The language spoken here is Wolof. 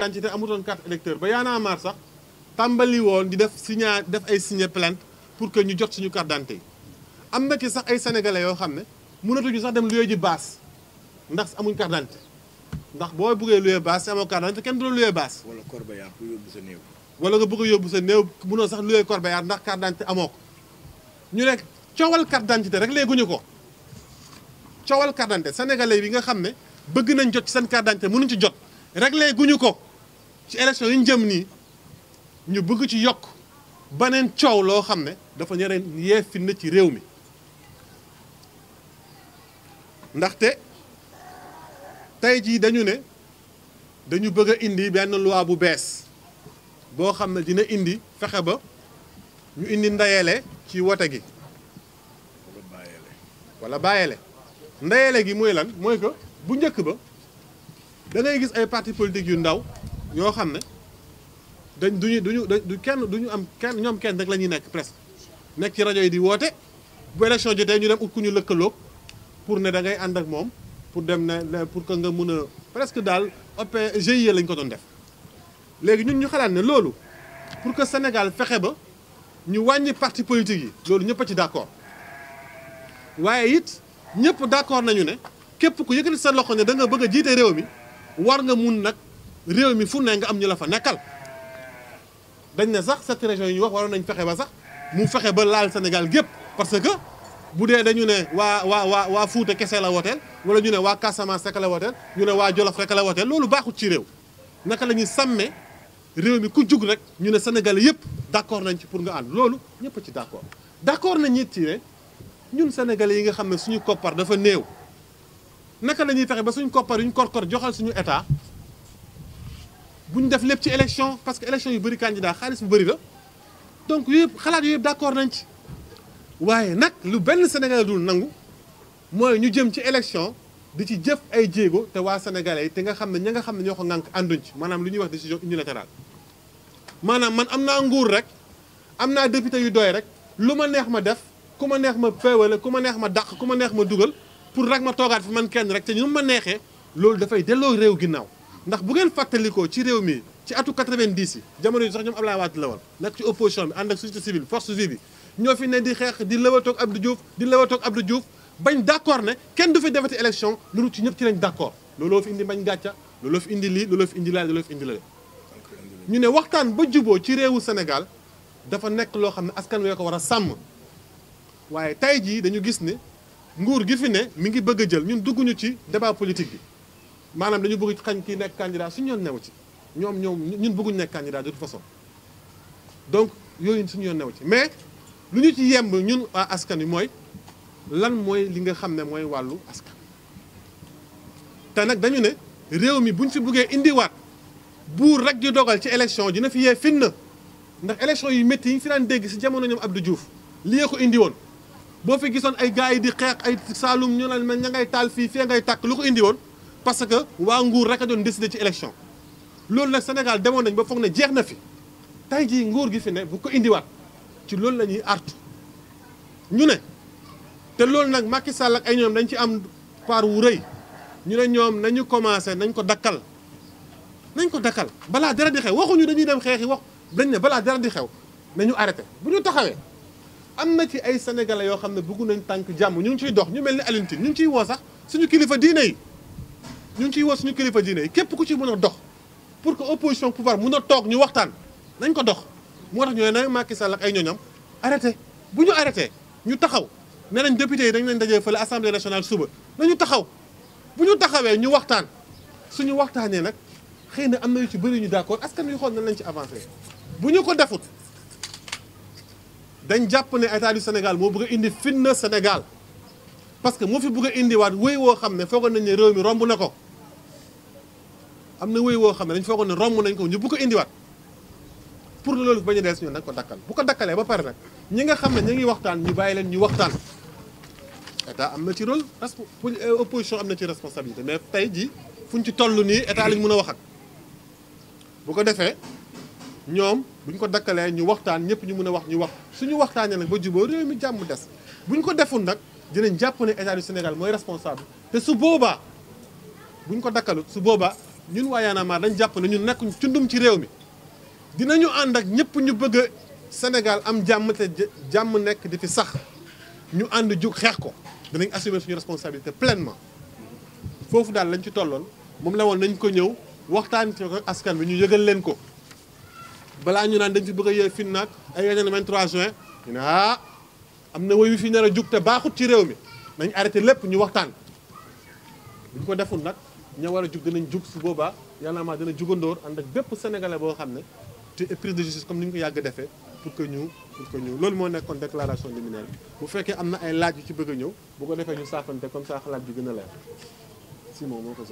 d'identité amutoon carte électeur ba yaanaa maar sax tàmbali woon di def signa def ay signé plant pour que ñu jot suñu carte d'identité am na ci sax ay sénégalais yoo xam ne mënatuñu sax dem luye ji baas ndax amuñ carte d'identité ndax boo bëggee luye baas si amoo carte d'identité kenn du luye baas. wala corbeillard pour yóbbu sa wala nga bëgg a yóbbu sa néew mënoo sax luye corbeillard ndax carte d'identité amoo ko ñu ne coowal carte d'identité rek léeguñu ko coowal carte d'identité sénégalais bi nga xam ne bëgg nañ jot ci seen carte d'identité mënuñ ci jot rek léeguñu ko. ci élection yi ñu jëm nii ñu bëgg ci yokk beneen coow loo xam ne dafa ñereen yee fitna ci réew mi ndaxte tey jii dañu ne dañu bëgg a indi benn loi bu bees boo xam ne dina indi fexe ba ñu indi ndayele ci wote gi walla bàyyele ndayele gi mooy lan mooy que bu njëkk ba da gis ay parti politique yu ndaw yoo xam ne dañ duñu duñu du kenn duñu am kenn ñoom kenn rek la ñuy nekk presque nekk ci rajo yi di woote bu ji jotee ñu dem ut ku ñu lëkkaloog pour ne da ngay ànd ak moom pour dem ne pour que nga mun a presque daal op GIE lañ ko doon def léegi ñun ñu xalaat ne loolu pour que Sénégal fexe ba ñu wàññi parti politique yi loolu ñëpp a ci d'accord waaye it ñëpp d'accord nañu ne képp ku yëkkati sa loxo ne da nga bëgg jiite réew mi war nga mun nag réew mi fu ne nga am ñu la fa nekkal dañ ne sax cette région yi ñu wax waroon nañ fexe ba sax mu fexe ba laal Sénégal gépp parce que bu dee dañu ne waa waa waa waa Fuuta kese la wooteel wala ñu ne waa Casamance rek la wooteel ñu ne waa Jolof rek la wooteel loolu baaxut ci réew naka la ñuy sàmmee réew mi ku jug rek ñu ne Sénégalais yëpp d'accord nañ ci pour nga ànd loolu ñëpp ci d'accord d'accord nañ it ci ne ñun Sénégalais yi nga xam ne suñu koppar dafa néew na la ñuy fexe ba suñu koppar yu ñu joxal suñu état bu ñu def lépp ci élection parce que élection yu bëri candidat xaalis bu bëri la donc yooyu yëpp xalaat yooyu yëpp d'accord nañ ci waaye nag lu benn Sénégal dul nangu mooy ñu jëm ci élection di ci jëf ay jéego te waa sénégalais yi te nga xam ne ña nga xam ne ñoo ko ŋànk ànduñ ci maanaam lu ñuy wax décision unilatérale maanaam man am naa nguur rek am naa député yu doy rek lu ma neex ma def ku ma neex ma féewale ku ma neex ma dàq ku ma neex ma dugal pour rek ma toogaat fi man kenn rek te ñu ma neexee loolu dafay delloo réew ginnaaw ndax bu ngeen fàttalikoo ci réew mi ci atu 90 yi jamono yi sax ñoom Ablaye Wade la woon nekk ci opposition bi ànd ak société civile force vive bi ñoo fi ne di xeex di lëwatoog Abdou Diouf di ab Abdou Diouf bañ d' accord ne kenn du fi defati élection loolu ci ñëpp ci lañ d' accord looloo fi indi bañ gàcca looloo fi indi lii looloo fi indi laa looloo la ñu ne waxtaan ba juboo ci réewu senegal dafa nekk loo xam ne askan wee ko war a sàmm waaye tey jii dañu gis ne nguur gi fi ne mi ngi bëgg a jël ñun dugguñu ci débat politique bi maanaam dañu bëgg xañ kii nekk candidat suñu yoon new ci ñoom ñoom ñun bëgguñ nekk candidat du toute façon donc yooyu suñu yoon new ci mais lu ñu ci yemb ñun askan wi mooy lan mooy li nga xam ne mooy wàllu askan te nag dañu ne réew mi buñ fi buggee indiwaat buur rek ji dogal ci élection dina fi yee na ndax élection yu métti yi ñu fi daan dégg si jamono ñoom Abdou Diouf li ko indiwoon boo fi gisoon ay gars yi di xeex ay saalum ñu naan man ña ngay taal fii fii ngay tàkk lu ko indi woon parce que waa nguur rek a doon décider ci élection loolu nag Sénégal demoon nañ ba foog ne jeex na fi tey jii nguur gi fi ne bu ko indiwaat ci loolu lañuy ñuy ñu ne te loolu nag Macky Sall ak ay ñoom dañ ci am part wu rëy ñu ne ñoom nañu commencé nañ ko dakkal nañ ko dakkal balaa dara di xew waxuñu dañuy dem xeexi wax dañ ne balaa dara di xew nañu arrêté bu ñu taxawee am na ci ay sénégalais yoo xam ne bëgg nañ tànk jàmm ñu ngi ciy dox ñu mel ni Alioune Tine ñu ciy woo sax suñu kilifa diine yi. ñu ngi ciy woo suñu kilifa diine ne képp ku ci mën a dox pour que opposition pouvoir mën a toog ñu waxtaan nañ ko dox moo tax ñooy nag Macky Sall ak ay ñooñam arrêté bu ñu arrêté ñu taxaw ne nañ député yi dañ leen dajee fële assemblée nationale suba nañu taxaw bu ñu taxawee ñu waxtaan suñu waxtaanee nag xëy na am na yu ci bëri ñu d'accord askan wi xool nañ lañ ci avancé bu ñu ko defut dañ jàpp ne état du Sénégal moo bëgg a indi fitna Sénégal parce que moo fi bëgg a indiwaat wéy woo xam ne foogoon nañ ne réew mi romb na ko am na wéy woo xam ne dañu foogoon ne romb nañ ko ñu bu ko indiwaat pour loolu bañ a des ñun nañ ko dakkal bu ko dakkalee ba pare nag ñi nga xam ne ñu ngi waxtaan ñu bàyyi leen ñu waxtaan état am na ci rôle opposition am na ci responsabilité mais tey ji fuñ ci toll nii état lañ mën a wax ak bu ko defee ñoom buñ ko dakkalee ñu waxtaan ñëpp ñu mun a wax ñu wax suñu waxtaanee nag ba jubóo réew mi jàmm des buñ ko deful nag dinañ jàpp ne état du Sénégal mooy responsable te su boobaa buñ ko dakkalut su boobaa ñun waa Y'en dañ jàpp nañu ñun nekk cundum ci réew mi dina dinañu ànd ak ñëpp ñu bëgg a Sénégal am jàmm te jàmm nekk di fi sax ñu ànd jug xeex ko dinañ assumer suñu responsabilité pleinement foofu daal lañ ci tolloon moom la woon nañ ko ñëw waxtaan ci ko askan bi ñu yëgal leen ko balaa ñu naan dañ fi bëgg a yee fin naag ay yeneen 23 juin ñu ne ah am na woyu fi nar a jug te baaxut ci réew mi nañ arrêté lépp ñu waxtaan bu ko deful nag ña war a jug dinañ jug su boobaa yàlla maa dina jugandóor ànd ak bépp sénégalais boo xam ne te prise de justice comme ni ñu ko yàgg defee pour que ñu pour que ñu loolu moo nekkoon déclaration liminaire bi bu fekkee am na ay laaj yu ci bëgg ñëw bu ko defee ñu saafante comme ça xalaat bi gën a leer si moom moo ko